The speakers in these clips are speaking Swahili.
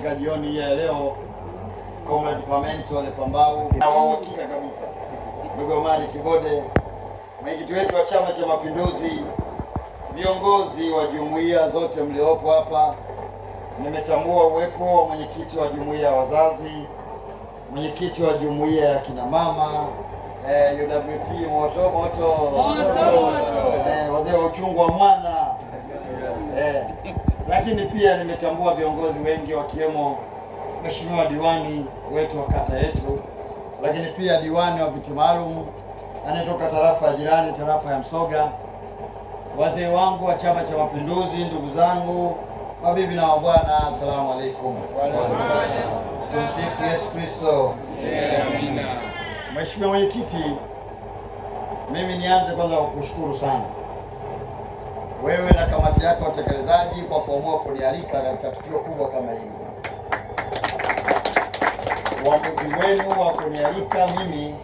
katika jioni hii ya leo Comrade Pamento Lepambau na uhakika kabisa ndugu Omari Kibode, mwenyekiti wetu wa Chama cha Mapinduzi, viongozi wa jumuiya zote mliopo hapa, nimetambua uwepo wa mwenyekiti wa jumuiya ya wazazi, mwenyekiti wa jumuiya ya kina mama eh, UWT moto moto, moto, moto. Eh, wazee wa uchungu wa mwana lakini pia nimetambua viongozi wengi wakiwemo mheshimiwa diwani wetu wa kata yetu, lakini pia diwani wa viti maalum anayetoka tarafa ya jirani, tarafa ya Msoga, wazee wangu wa Chama cha Mapinduzi, ndugu zangu, mabibi na wabwana, asalamu alaikum. Tumsifu Yesu Kristo. Mheshimiwa Mwenyekiti, mimi nianze kwanza kwa kushukuru sana wewe na kamati yako ya utekelezaji kwa kuamua kunialika katika tukio kubwa kama hili. Uamuzi wenu wa kunialika mimi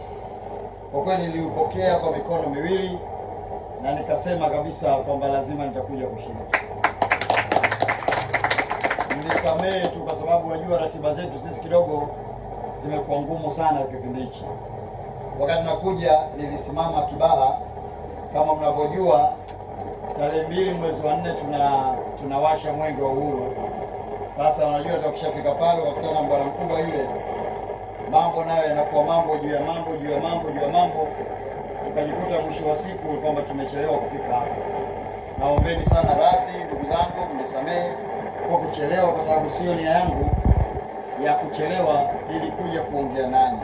kwa kweli niliupokea kwa mikono miwili na nikasema kabisa kwamba lazima nitakuja kushiriki. Nisamehe tu kwa sababu najua ratiba zetu sisi kidogo zimekuwa ngumu sana kipindi hichi. Wakati nakuja nilisimama Kibaha, kama mnavyojua tarehe mbili mwezi wa nne tuna tunawasha mwenge wa uhuru. Sasa unajua tukishafika pale wakutana na bwana mkubwa yule, mambo nayo yanakuwa mambo juu ya mambo juu ya mambo juu ya mambo, tukajikuta mwisho wa siku kwamba tumechelewa kufika hapa. Naombeni sana radhi ndugu zangu, mnisamehe kwa kuchelewa, kwa sababu sio nia yangu ya kuchelewa ili kuja kuongea nanyi,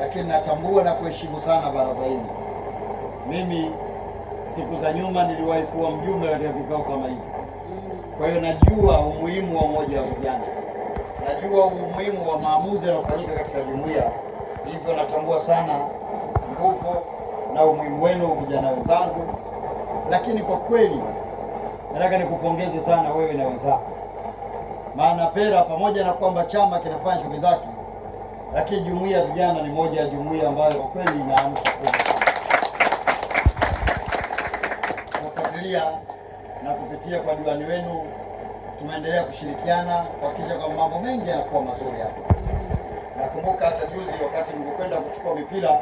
lakini natambua na kuheshimu sana baraza hili mimi siku za nyuma niliwahi kuwa mjumbe katika vikao kama hivi. Kwa hiyo najua umuhimu wa umoja wa vijana, najua umuhimu wa maamuzi yanayofanyika katika jumuiya, hivyo natambua sana nguvu na umuhimu wenu vijana wenzangu. Lakini kwa kweli nataka nikupongeze sana wewe na wenzako, maana PERA pamoja na kwamba chama kinafanya shughuli zake, lakini jumuiya ya vijana ni moja ya jumuiya ambayo kwa kweli inaamsha kupitia na kupitia kwa diwani wenu tumeendelea kushirikiana kuhakikisha kwamba mambo mengi yanakuwa mazuri hapa. Nakumbuka hata juzi wakati mlikwenda kuchukua mipira,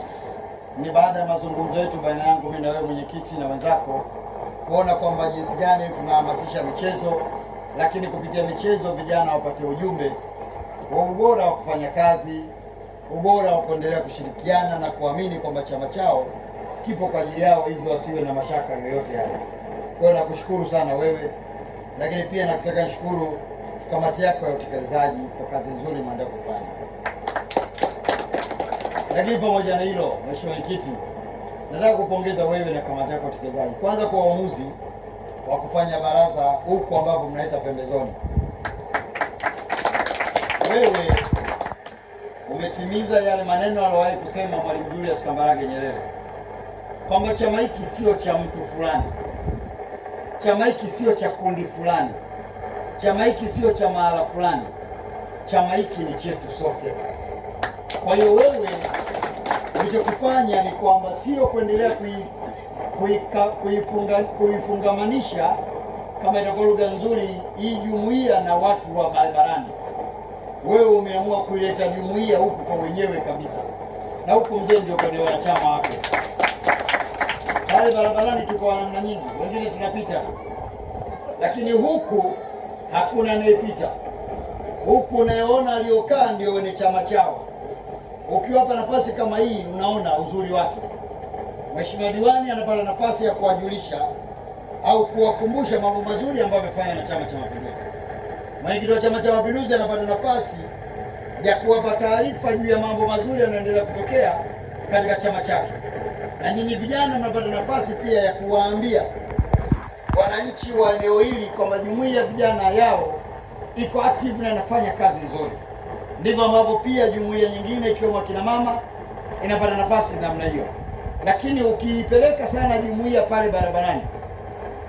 ni baada ya mazungumzo yetu baina yangu mimi na wewe mwenyekiti na wenzako, kuona kwamba jinsi gani tunahamasisha michezo, lakini kupitia michezo vijana wapate ujumbe wa ubora wa kufanya kazi, ubora wa kuendelea kushirikiana na kuamini kwamba chama chao kipo kwa ajili yao, hivyo wasiwe na mashaka yoyote yale. Kwa hiyo nakushukuru sana wewe, lakini pia nakutaka nishukuru kamati yako ya utekelezaji kwa kazi nzuri mnaenda kufanya. Lakini pamoja na hilo, mheshimiwa mwenyekiti, nataka kupongeza wewe na kamati yako ya utekelezaji, kwanza kwa uamuzi wa kufanya baraza huku ambapo mnaita pembezoni. Wewe umetimiza yale maneno aliyowahi kusema Mwalimu Julius Kambarage Nyerere kwamba chama hiki sio cha mtu fulani Chama hiki sio cha kundi fulani, chama hiki sio cha mahala fulani, chama hiki ni chetu sote. Kwa hiyo wewe ulichokifanya ni kwamba sio kuendelea kuifungamanisha kama itakuwa lugha nzuri hii, jumuiya na watu wa barabarani. Wewe umeamua kuileta jumuiya huku kwa wenyewe kabisa, na huku mzee ndio kwenye wanachama wake pale barabarani tuko namna nyingi, wengine tunapita, lakini huku hakuna anayepita huku. Unayeona aliyokaa ndio wenye chama chao. Ukiwapa nafasi kama hii, unaona uzuri wake. Mheshimiwa diwani anapata nafasi ya kuwajulisha au kuwakumbusha mambo mazuri ambayo amefanya na Chama cha Mapinduzi. Mwenyekiti wa Chama cha Mapinduzi anapata nafasi ya kuwapa taarifa juu ya mambo mazuri yanayoendelea kutokea katika chama chake na nyinyi vijana mnapata nafasi pia ya kuwaambia wananchi wa eneo hili kwamba jumuiya ya vijana yao iko active na inafanya kazi nzuri. Ndivyo ambavyo pia jumuiya nyingine ikiwemo akina mama inapata nafasi namna hiyo, lakini ukiipeleka sana jumuiya pale barabarani,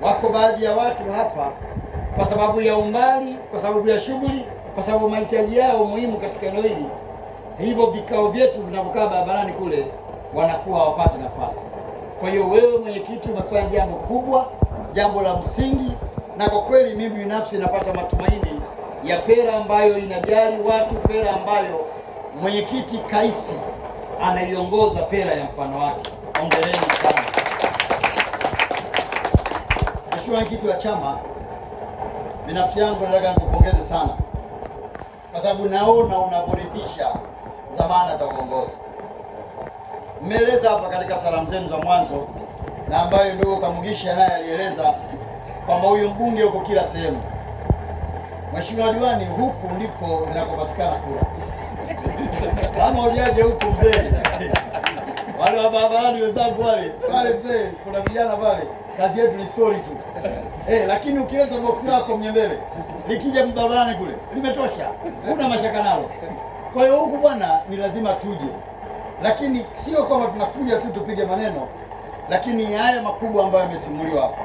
wako baadhi ya watu hapa, kwa sababu ya umbali, kwa sababu ya shughuli, kwa sababu mahitaji yao muhimu katika eneo hili, hivyo vikao vyetu vinavyokaa barabarani kule wanakuwa hawapati nafasi. Kwa hiyo wewe mwenyekiti umefanya jambo kubwa, jambo la msingi, na kwa kweli mimi binafsi napata matumaini ya pera ambayo inajali watu, pera ambayo mwenyekiti Kaisi anaiongoza, pera ya mfano wake. ongeleni sana Mheshimiwa mwenyekiti wa chama. Binafsi yangu nataka nikupongeze sana, kwa sababu naona unaboridhisha dhamana za uongozi. Nimeeleza hapa katika salamu zenu za mwanzo na ambayo ndugu Kamugisha naye alieleza kwamba huyu mbunge huko kila sehemu. Mheshimiwa diwani, huku ndiko zinakopatikana kura. Kama hujaje huku mzee, wale wa barabarani wenzangu wale pale, mzee, kuna vijana pale, kazi yetu ni story tu eh, lakini ukileta box lako mnyembele likija barabarani kule limetosha, huna mashaka nalo. Kwa hiyo huku bwana, ni lazima tuje lakini sio kwamba tunakuja tu tupige maneno, lakini haya makubwa ambayo yamesimuliwa hapa,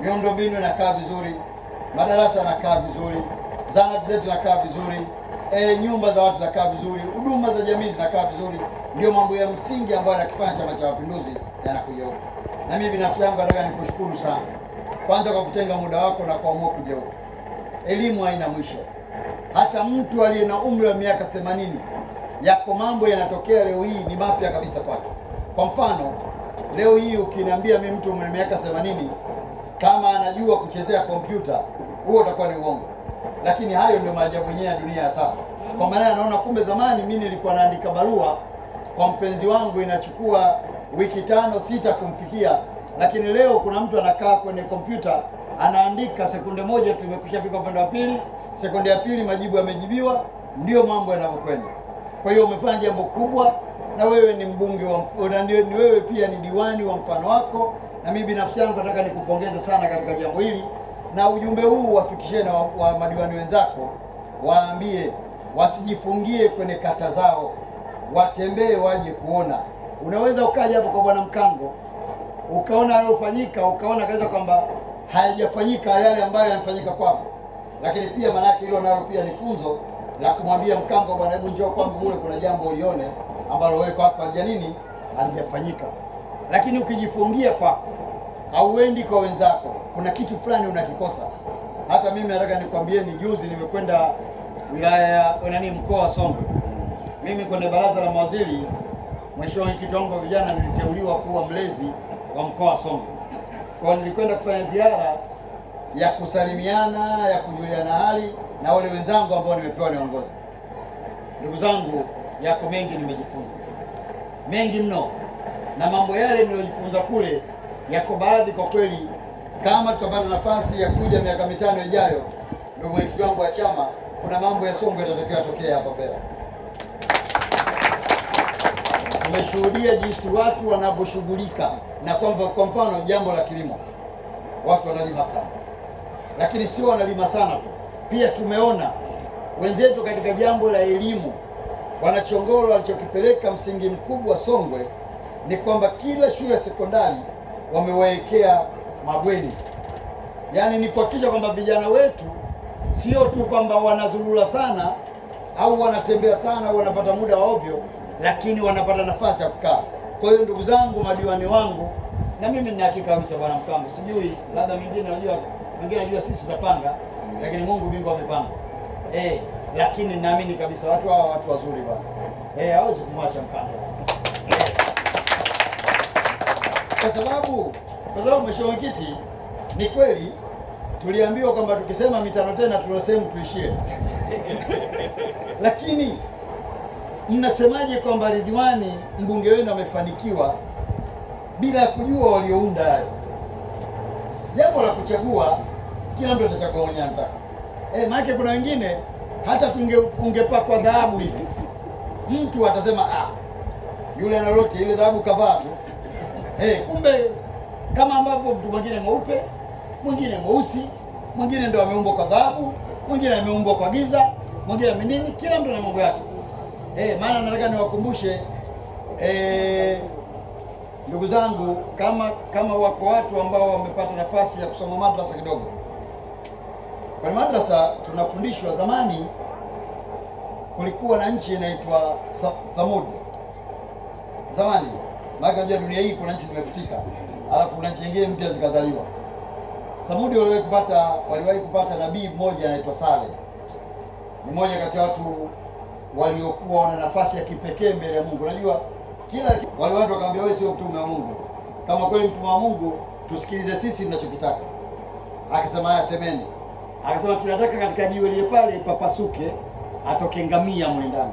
miundombinu inakaa vizuri, madarasa yanakaa vizuri, zahanati zetu zinakaa vizuri, e, nyumba za watu zinakaa vizuri, huduma za jamii zinakaa vizuri. Ndio mambo ya msingi ambayo yanakifanya Chama cha Mapinduzi yanakuja huko, na mimi binafsi yangu nataka nikushukuru sana, kwanza kwa kutenga muda wako na kuamua kuja huko. Elimu haina mwisho, hata mtu aliye na umri wa miaka themanini yako mambo yanatokea leo hii ni mapya kabisa kwake. Kwa mfano leo hii ukiniambia mimi mtu mwenye miaka 80 kama anajua kuchezea kompyuta, huo utakuwa ni uongo, lakini hayo ndio maajabu yenyewe ya dunia ya sasa, kwa maana anaona kumbe zamani mimi nilikuwa naandika barua kwa mpenzi wangu inachukua wiki tano sita kumfikia, lakini leo kuna mtu anakaa kwenye kompyuta anaandika sekunde moja, tumekwisha fika upande wa pili, sekunde ya pili majibu yamejibiwa. Ndiyo mambo yanavyokwenda. Kwa hiyo umefanya jambo kubwa, na wewe ni mbunge wa na ni wewe pia ni diwani wa mfano wako, na mimi binafsi yangu nataka nikupongeze sana katika jambo hili, na ujumbe huu wafikishie na wa, wa madiwani wenzako, waambie wasijifungie kwenye kata zao, watembee waje kuona. Unaweza ukaja hapo kwa bwana Mkango ukaona aliyofanyika, ukaona kaweza kwamba haijafanyika yale ambayo yamefanyika kwako, lakini pia maanake hilo nalo pia ni funzo la kumwambia Mkamba, bwana, hebu njoo kwangu mule, kuna jambo ulione ambalo wewe kwako alija nini alijafanyika. Lakini ukijifungia kwako, hauendi kwa wenzako, kuna kitu fulani unakikosa. Hata mimi nataka nikwambieni, juzi nimekwenda wilaya ya nani, mkoa wa Songwe, mimi kwenye baraza la mawaziri, mheshimiwa mwenyekiti wangu wa vijana, niliteuliwa kuwa mlezi wa mkoa wa Songwe. Kwa nilikwenda kufanya ziara ya kusalimiana, ya kujuliana hali na wale wenzangu ambao nimepewa niongozi. Ndugu zangu, yako mengi nimejifunza, mengi mno, na mambo yale niliyojifunza kule yako baadhi kwa kweli, kama tutapata nafasi ya kuja miaka mitano ijayo, ndugu mwenyekiti wangu wa chama, kuna mambo ya Songwe yatatokea tokea hapa mbele. Tumeshuhudia jinsi watu wanavyoshughulika na kwamba, kwa mfano, jambo la kilimo, watu wanalima sana, lakini sio wanalima sana tu pia tumeona wenzetu katika jambo la elimu, Wanachongolo walichokipeleka msingi mkubwa Songwe ni kwamba kila shule ya sekondari wamewawekea mabweni, yaani ni kuhakikisha kwamba vijana wetu sio tu kwamba wanazurura sana au wanatembea sana au wanapata muda wa ovyo, lakini wanapata nafasi ya kukaa. Kwa hiyo ndugu zangu, madiwani wangu, na mimi ninahakika kabisa, bwana Mkambo, sijui labda mingine, najua mingine, najua sisi tutapanga lakini Mungu Mungu amepanga eh, lakini naamini kabisa watu hawa watu wazuri bwana eh, hawezi kumwacha mpango eh. kwa sababu kwa sababu mheshimiwa mwenyekiti, ni kweli tuliambiwa kwamba tukisema mitano tena tuna sehemu tuishie, lakini mnasemaje kwamba Ridhiwani mbunge wenu amefanikiwa bila kujua waliounda jambo la kuchagua kila mtu atachagua mwenye anataka. Eh, maana kuna wengine hata tunge ungepakwa dhahabu hivi mtu atasema ah, yule analoti ile dhahabu kavaa tu. Eh, kumbe kama ambavyo mtu mwingine mweupe, mwingine mweusi, mwingine ndo ameumbwa kwa dhahabu, mwingine ameumbwa kwa giza, mwingine amenini, kila mtu na mambo yake. Eh, maana nataka niwakumbushe eh, ndugu zangu, kama kama wako watu ambao wamepata nafasi ya kusoma madrasa kidogo Kwenye madrasa tunafundishwa, zamani kulikuwa na nchi inaitwa Thamud. Zamani maana dunia hii kuna nchi zimefutika, alafu kuna nchi nyingine mpya zikazaliwa. Thamudi waliwahi kupata waliwahi kupata nabii mmoja anaitwa sale ni mmoja kati ya watu waliokuwa wana nafasi ya kipekee mbele ya Mungu. Unajua kila wale watu wakaambia, wewe sio mtume wa Mungu, kama kweli mtume wa Mungu tusikilize sisi tunachokitaka. Akasema haya, semeni akasema tunataka katika jiwe lile pale papasuke atoke ngamia ndani.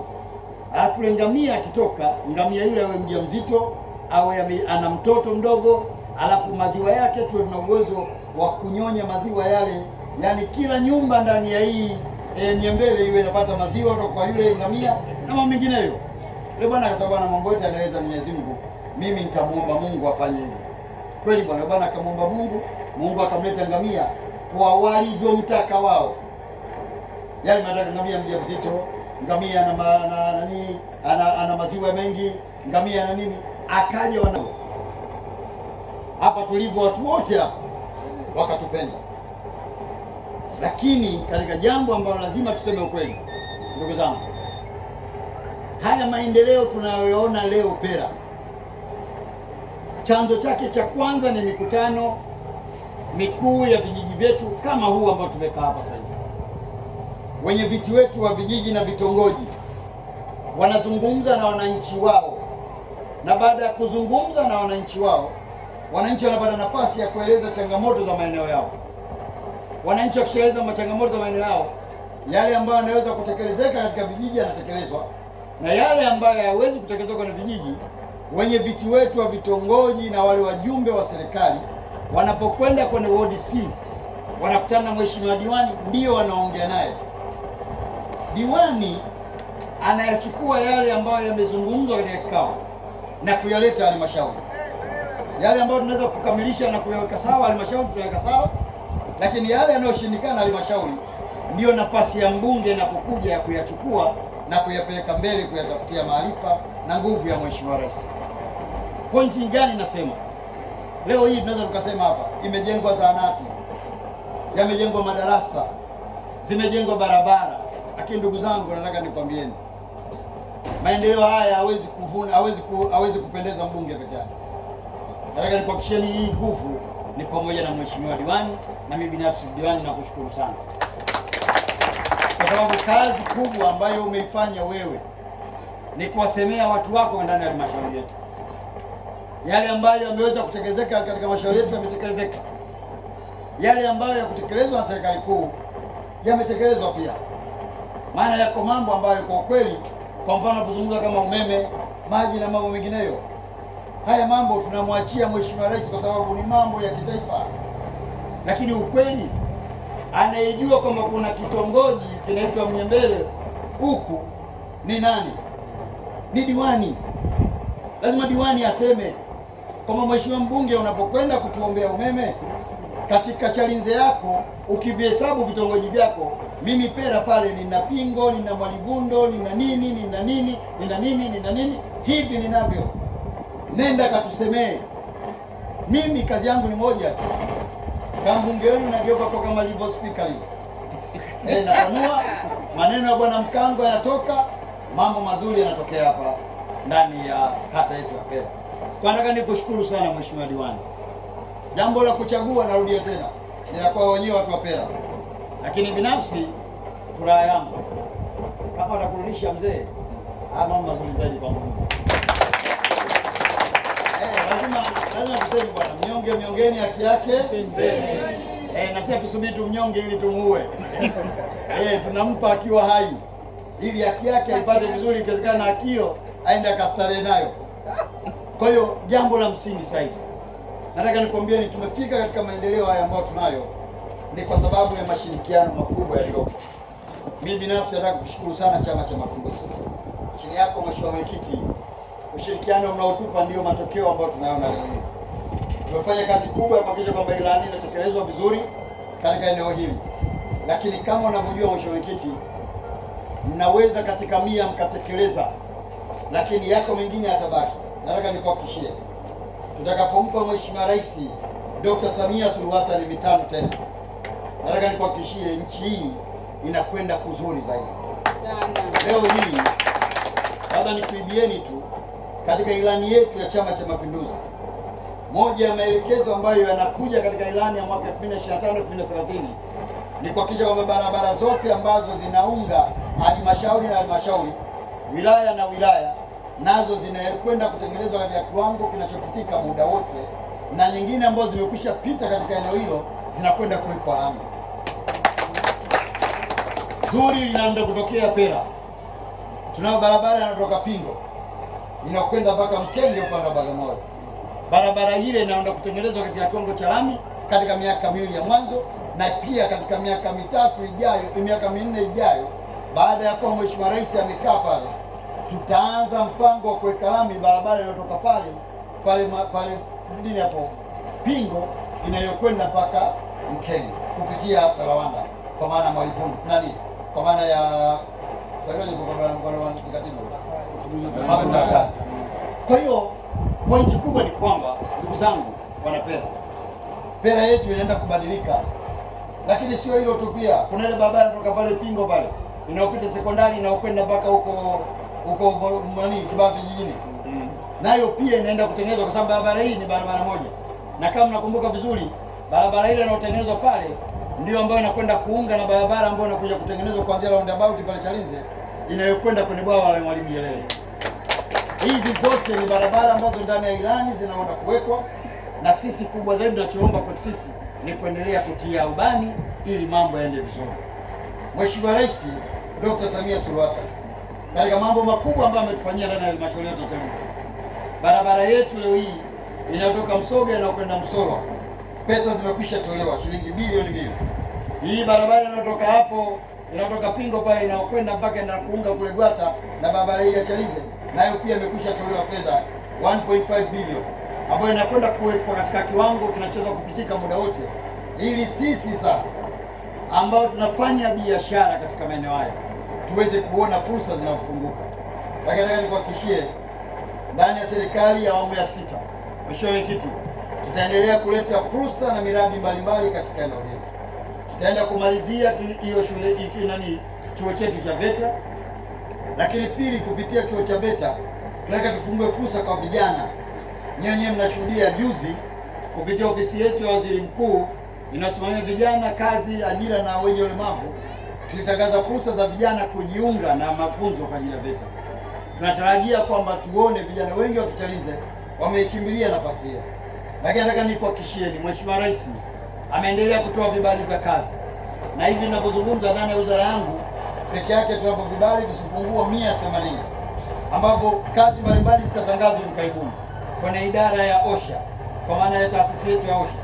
alafu ile ngamia akitoka, ngamia yule awe mzito awe ana mtoto mdogo, alafu maziwa yake tuwe tuna uwezo wa kunyonya maziwa yale, yaani kila nyumba ndani ya hii e, nyembele iwe inapata maziwa kutoka kwa yule ngamia na mambo mengineyo. Yule bwana akasema, bwana, mambo yote anaweza Mwenyezi Mungu, mimi nitamwomba Mungu afanye hivyo. Kweli bwana, bwana akamwomba Mungu, Mungu akamleta ngamia kwa walivyomtaka wao, yani nataka ngamia mzito, ngamia ana ana nini, ana, ana maziwa mengi, ngamia na nini, akaja wana hapa tulivyo watu wote hapa wakatupenda, lakini katika jambo ambalo lazima tuseme ukweli, ndugu zangu, haya maendeleo tunayoona leo Pera chanzo chake cha kwanza ni mikutano mikuu ya vijiji vyetu kama huu ambao tumekaa hapa sasa hivi. Wenye viti wetu wa vijiji na vitongoji wanazungumza na wananchi wao, na baada ya kuzungumza na wananchi wao, wananchi wanapata nafasi ya kueleza changamoto za maeneo yao. Wananchi wakishaeleza changamoto za maeneo yao, yale ambayo yanaweza kutekelezeka katika vijiji yanatekelezwa, na yale ambayo hayawezi kutekelezwa na vijiji, wenye viti wetu wa vitongoji na wale wajumbe wa serikali wanapokwenda kwenye wodi C wanakutana na mheshimiwa diwani, ndiyo wanaongea naye. Diwani anayachukua yale ambayo yamezungumzwa katika kikao na kuyaleta halmashauri, yale ambayo tunaweza kukamilisha na kuyaweka sawa halmashauri tunaweka sawa, lakini yale yanayoshindikana halmashauri, ndiyo nafasi ya mbunge inapokuja ya kuyachukua na kuyapeleka mbele, kuyatafutia maarifa na nguvu ya mheshimiwa rais. Pointi gani nasema? Leo hii tunaweza tukasema hapa imejengwa zahanati, yamejengwa madarasa, zimejengwa barabara, lakini ndugu zangu, nataka nikwambieni maendeleo haya hawezi kuvuna, hawezi ku, hawezi kupendeza mbunge peke yake. Nataka nikuhakikishieni hii nguvu ni pamoja na mheshimiwa diwani na mimi binafsi diwani, nakushukuru sana kwa sababu kazi kubwa ambayo umeifanya wewe ni kuwasemea watu wako ndani ya halmashauri yetu yale ambayo yameweza kutekelezeka katika mashauri yetu yametekelezeka, yale ambayo ya kutekelezwa na serikali kuu yametekelezwa pia. Maana yako mambo ambayo kwa kweli, kwa mfano kuzungumza kama umeme, maji na mambo mengineyo, haya mambo tunamwachia Mheshimiwa Rais kwa sababu ni mambo ya kitaifa, lakini ukweli anayejua kwamba kuna kitongoji kinaitwa Mnyembele huku ni nani? Ni diwani. Lazima diwani aseme kama mheshimiwa mbunge, unapokwenda kutuombea umeme katika chalinze yako, ukivihesabu vitongoji vyako, mimi Pera pale nina Pingo, nina Mwalivundo, nina nini, nina nini, nina nini, nina nini, hivi ninavyo. Nenda katusemee. Mimi kazi yangu ni moja tu, kambunge wenu nageuka kwa kama livyo spika hii e, napanua maneno ya bwana Mkango yanatoka, mambo mazuri yanatokea hapa ndani ya kata yetu ya Pera. Nataka nikushukuru sana mheshimiwa diwani. Jambo la kuchagua, narudia tena, ni kwa wenyewe watu wa Pera, lakini binafsi furaha yangu kama atakurudisha mzee, haya mambo mazuri zaidi kwa Mungu. Eh, lazima lazima tuseme bwana, mnyonge mnyongeni haki yake. Eh, na sisi tusubiri mnyonge ili tumuue. Eh, tunampa akiwa hai ili haki yake aipate vizuri, ikiwezekana akio aende akastarehe nayo kwa hiyo jambo la msingi zaidi nataka nikwambieni, tumefika katika maendeleo haya ambayo tunayo ni kwa sababu ya mashirikiano makubwa yaliyopo. Mimi binafsi nataka kushukuru sana Chama cha Mapinduzi chini yako Mheshimiwa Mwenyekiti, ushirikiano mnaotupa ndio matokeo ambayo tunayaona leo hii. Tumefanya kazi kubwa ya kuhakikisha kwamba ilani inatekelezwa vizuri katika eneo hili, lakini kama unavyojua Mheshimiwa Mwenyekiti, mnaweza katika mia mkatekeleza, lakini yako mengine yatabaki nataka nikuhakikishie, tutakapompa Mheshimiwa Rais Dr. Samia Suluhu Hassan mitano tena, nataka nikuhakikishie nchi hii inakwenda kuzuri zaidi sana. Leo hii labda nikuibieni tu, katika ilani yetu ya Chama cha Mapinduzi, moja ya maelekezo ambayo yanakuja katika ilani ya mwaka 2025 2030 ni kuhakikisha kwamba barabara zote ambazo zinaunga halmashauri na halmashauri, wilaya na wilaya nazo zinakwenda kutengenezwa katika kiwango kinachopitika muda wote, na nyingine ambazo zimekwisha pita katika eneo hilo zinakwenda kuwekwa hama. Zuri linaenda kutokea Pera, tunayo barabara inatoka Pingo inakwenda mpaka Mkenge upande wa Bagamoyo. Barabara ile inaenda kutengenezwa katika kiwango cha lami katika miaka miwili ya mwanzo, na pia katika miaka mitatu ijayo, miaka minne ijayo, baada ya kuwa Mheshimiwa Rais amekaa pale tutaanza mpango wa kuweka lami barabara inayotoka pale pale pale dini hapo Pingo inayokwenda mpaka Mkeni kupitia Talawanda kwa maana Mwalimu nani kwa maana ya kwa hiyo pointi kubwa ni kwamba ndugu zangu wana Pera, Pera yetu inaenda kubadilika, lakini sio hilo tu, pia kuna ile barabara kutoka pale Pingo pale inaopita sekondari inaokwenda mpaka huko uko nani Kibasi jijini mm. nayo pia inaenda kutengenezwa kwa sababu barabara hii ni barabara moja, na kama mnakumbuka vizuri, barabara ile inayotengenezwa pale ndio ambayo inakwenda kuunga na barabara ambayo inakuja kutengenezwa kuanzia roundabout pale Chalinze inayokwenda kwenye bwawa la Mwalimu Nyerere. Hizi zote ni barabara ambazo ndani ya ilani zinaenda kuwekwa, na sisi kubwa zaidi tunachoomba kwa sisi ni kuendelea kutia ubani ili mambo yaende vizuri. Mheshimiwa Rais Dr. Samia Suluhu Hassan katika mambo makubwa ambayo ametufanyia ndani ya halmashauri yetu ya Tarime. Barabara yetu leo hii inayotoka Msoga na kwenda Msolwa pesa zimekwisha tolewa shilingi bilioni mbili. Hii barabara inayotoka hapo inayotoka Pingo pale inayokwenda mpaka na kuunga kule Gwata na barabara hii ya Chalinze nayo pia imekwisha tolewa fedha 1.5 bilioni ambayo inakwenda kuwekwa katika kiwango kinachoweza kupitika muda wote, ili sisi sasa ambao tunafanya biashara katika maeneo haya tuweze kuona fursa zinafunguka. Lakini nataka nikuhakikishie, ndani ya serikali ya awamu ya sita, Mheshimiwa Mwenyekiti, tutaendelea kuleta fursa na miradi mbalimbali katika eneo hili. Tutaenda kumalizia hiyo shule iki nani chuo chetu cha VETA, lakini pili, kupitia chuo cha VETA tunataka tufungue fursa kwa vijana. Nyenye mnashuhudia juzi kupitia ofisi yetu ya waziri mkuu inasimamia vijana, kazi, ajira na wenye ulemavu tulitangaza fursa za vijana kujiunga na mafunzo kwa ajili ya VETA. Tunatarajia kwamba tuone vijana wengi wa Kichalinze wameikimbilia nafasi hiyo, lakini nataka nikuhakikishieni, Mheshimiwa Rais ameendelea kutoa vibali vya kazi, na hivi ninavyozungumza ndani ya wizara yangu peke yake tunapo vibali visipungua mia themanini ambapo kazi mbalimbali zitatangazwa hivi karibuni kwenye idara ya OSHA kwa maana ya taasisi yetu ya OSHA,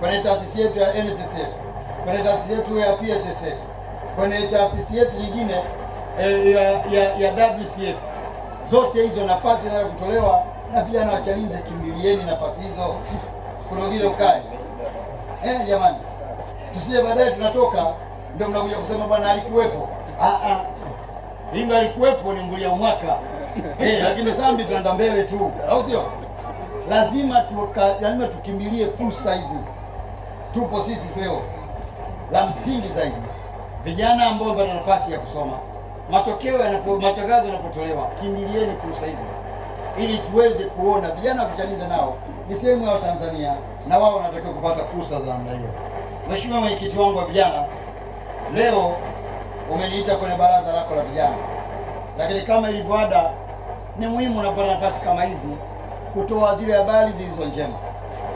kwenye taasisi yetu ya NSSF, kwenye taasisi yetu ya PSSF kwenye taasisi yetu nyingine e, ya, ya, ya WCF. Zote hizo nafasi zinazo kutolewa na vijana wa Chalinze, kimbilieni nafasi hizo kulogilo kae eh, jamani, tusije baadaye tunatoka ndio mnakuja kusema bwana alikuwepo. Ah, ah. Inga alikuwepo ni ngulia mwaka eh, lakini sambi tunaenda mbele tu, au sio? Lazima tuka, lazima tukimbilie fursa hizi tupo sisi leo, la msingi zaidi vijana ambao wana nafasi ya kusoma, matokeo yanapo matangazo yanapotolewa, kimbilieni fursa hizi ili tuweze kuona vijana wa Kichaniza nao ni sehemu ya Tanzania na wao wanatakiwa kupata fursa za namna hiyo. Mheshimiwa mwenyekiti wangu wa vijana, leo umeniita kwenye baraza lako la vijana, lakini kama ilivyoada, ni muhimu unapata nafasi kama hizi kutoa zile habari zilizo njema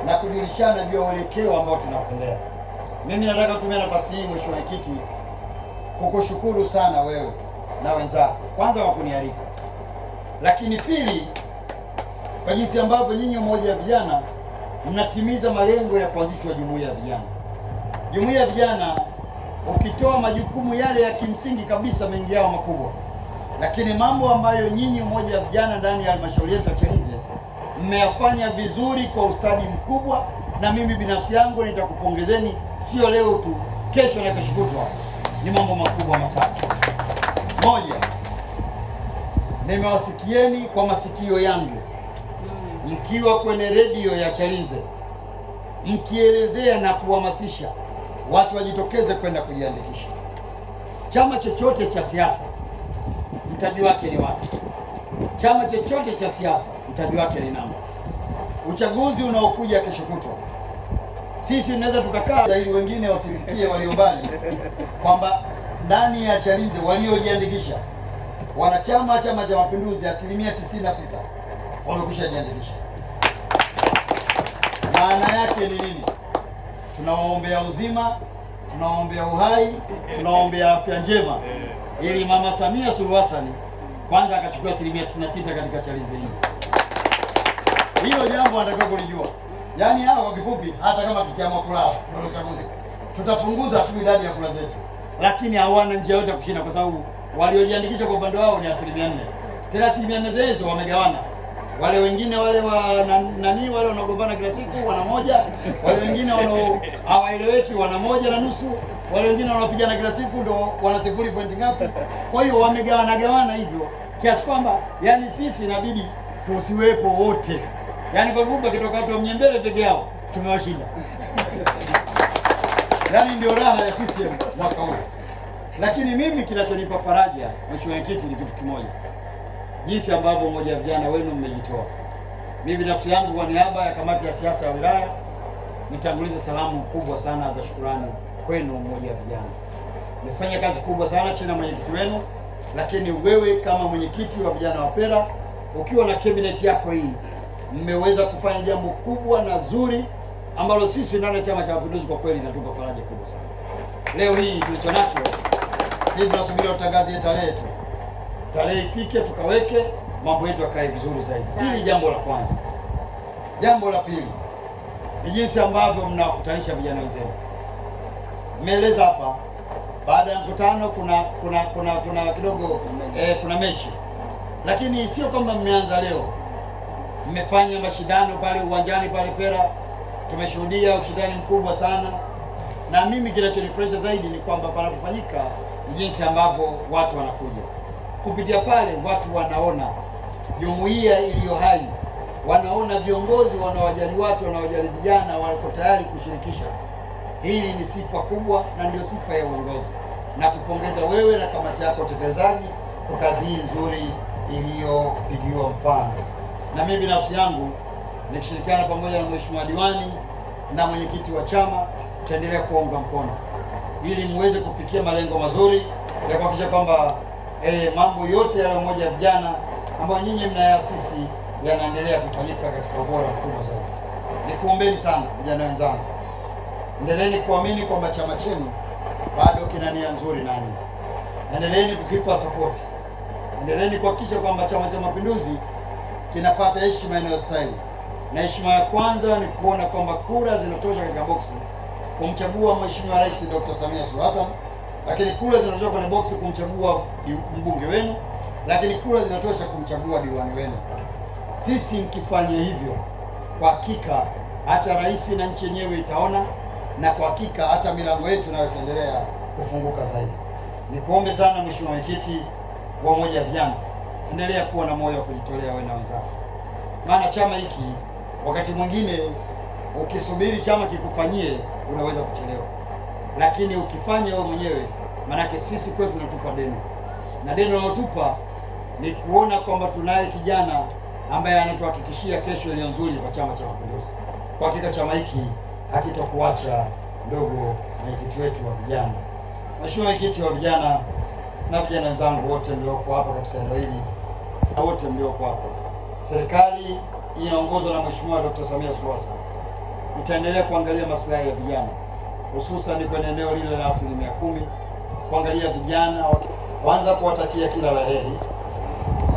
na kujulishana juu ya uelekeo ambao tunakwendea. Mimi nataka kutumia nafasi hii, mheshimiwa mwenyekiti kukushukuru sana wewe na wenzako, kwanza kwa kunialika, lakini pili kwa jinsi ambavyo nyinyi umoja wa vijana mnatimiza malengo ya kuanzishwa jumuiya ya vijana. Jumuiya ya vijana ukitoa majukumu yale ya kimsingi kabisa, mengi yao makubwa, lakini mambo ambayo nyinyi umoja wa vijana ndani ya halmashauri yetu ya Chalinze mmeyafanya vizuri kwa ustadi mkubwa, na mimi binafsi yangu nitakupongezeni, sio leo tu, kesho na kesho kutwa ni mambo makubwa matatu. Moja, nimewasikieni kwa masikio yangu mkiwa kwenye redio ya Chalinze mkielezea na kuhamasisha watu wajitokeze kwenda kujiandikisha. Chama chochote cha siasa mtaji wake ni watu. Chama chochote cha siasa mtaji wake ni namba. Uchaguzi unaokuja kesho kutwa sisi tunaweza tukakaa ili wengine wasisikie walio mbali kwamba ndani ya Chalinze waliojiandikisha wanachama Chama cha Mapinduzi asilimia 96 wamekwisha jiandikisha. Maana yake ni nini? Tunawaombea uzima, tunawaombea uhai, tunawaombea afya njema, ili Mama Samia Suluhu Hassan kwanza akachukua asilimia 96 katika Chalinze hii. Hilo jambo anatakiwa kulijua. Yaani hao kwa kifupi, hata kama tukiamua kula na uchaguzi, tutapunguza tu idadi ya kula zetu, lakini hawana njia yote kushinda, kwa sababu waliojiandikisha kwa upande wao ni asilimia nne. Tena asilimia nne hizo wamegawana, wale wengine wale wa nani, wale wanaogombana kila siku wana moja, wale wengine wana hawaeleweki wana moja na nusu, wale wengine wanaopigana kila siku ndo wana sifuri pointi ngapi. Kwa hiyo wamegawana gawana hivyo kiasi kwamba, yani sisi inabidi tusiwepo wote. Yaani kwa kuba kitoka watu wa Mnyembele peke yao tumewashinda. Yaani ndio raha ya CCM mwaka huu. Lakini mimi kinachonipa faraja mheshimiwa mwenyekiti ni kitu kimoja, jinsi ambavyo mmoja vijana wenu mmejitoa. Mimi binafsi yangu kwa niaba ya kamati ya siasa ya wilaya nitangulize salamu kubwa sana za shukurani kwenu, mmoja vijana mmefanya kazi kubwa sana chini ya mwenyekiti wenu, lakini wewe kama mwenyekiti wa vijana wa Pera ukiwa na kabineti yako hii mmeweza kufanya jambo kubwa na zuri ambalo sisi ndani Chama cha Mapinduzi kwa kweli inatupa faraja kubwa sana. Leo hii tulicho nacho sisi tunasubiria utangazie tarehe tu, tarehe ifike tukaweke mambo yetu yakae vizuri zaidi. Hili jambo la kwanza. Jambo la pili ni jinsi ambavyo mnawakutanisha vijana wenzenu. Mmeeleza hapa, baada ya mkutano kuna kuna kuna kuna kidogo eh, kuna mechi, lakini sio kwamba mmeanza leo mmefanya mashindano pale uwanjani pale Pera, tumeshuhudia ushindani mkubwa sana, na mimi kinachonifurahisha zaidi ni kwamba panapofanyika jinsi ambavyo watu wanakuja kupitia pale, watu wanaona jumuiya iliyo hai, wanaona viongozi wanaowajali watu, wanaowajali vijana, wako tayari kushirikisha. Hili ni sifa kubwa na ndio sifa ya uongozi, na kupongeza wewe na kamati yako utekelezaji kwa kazi hii nzuri iliyopigiwa mfano na mimi binafsi yangu nikishirikiana pamoja na mheshimiwa diwani na mwenyekiti wa chama tutaendelea kuunga mkono ili muweze kufikia malengo mazuri ya kuhakikisha kwamba eh, mambo yote ya moja ya vijana ambayo nyinyi mnayasisi yanaendelea kufanyika katika ubora mkubwa zaidi. Nikuombeni sana vijana wenzangu, endeleeni kuamini kwamba chama chenu bado kina nia nzuri nanyi, endeleeni kukipa sapoti, endeleeni kuhakikisha kwamba Chama cha Mapinduzi kinapata heshima inayostahili, na heshima ya kwanza ni kuona kwamba kura zinatosha katika boksi kumchagua Mheshimiwa Rais Dr. Samia Suluhu Hassan, lakini kura zinatosha kwenye boksi kumchagua mbunge wenu, lakini kura zinatosha kumchagua diwani wenu. Sisi mkifanya hivyo, kwa hakika hata rais na nchi yenyewe itaona, na kwa hakika hata milango yetu nayo itaendelea kufunguka zaidi. Nikuombe sana Mheshimiwa Mwenyekiti wa Umoja wa Vijana endelea kuwa na moyo wa kujitolea wewe na wenzako, maana chama hiki wakati mwingine ukisubiri chama kikufanyie unaweza kuchelewa, lakini ukifanya wewe mwenyewe, maanake sisi kwetu tunatupa deni, na deni unalotupa ni kuona kwamba tunaye kijana ambaye anatuhakikishia kesho iliyo nzuri kwa Chama cha Mapinduzi. Kwa hakika chama hiki hakitokuacha ndogo, mwenyekiti wetu wa vijana. Mheshimiwa mwenyekiti wa vijana na vijana wenzangu wote mlioko hapa katika eneo hili na wote mlioko hapa. Serikali inaongozwa na Mheshimiwa Dkt. Samia Suluhu Hassan itaendelea kuangalia maslahi ya vijana, hususan kwenye eneo lile la asilimia kumi, kuangalia vijana kwanza, kuwatakia kila la heri.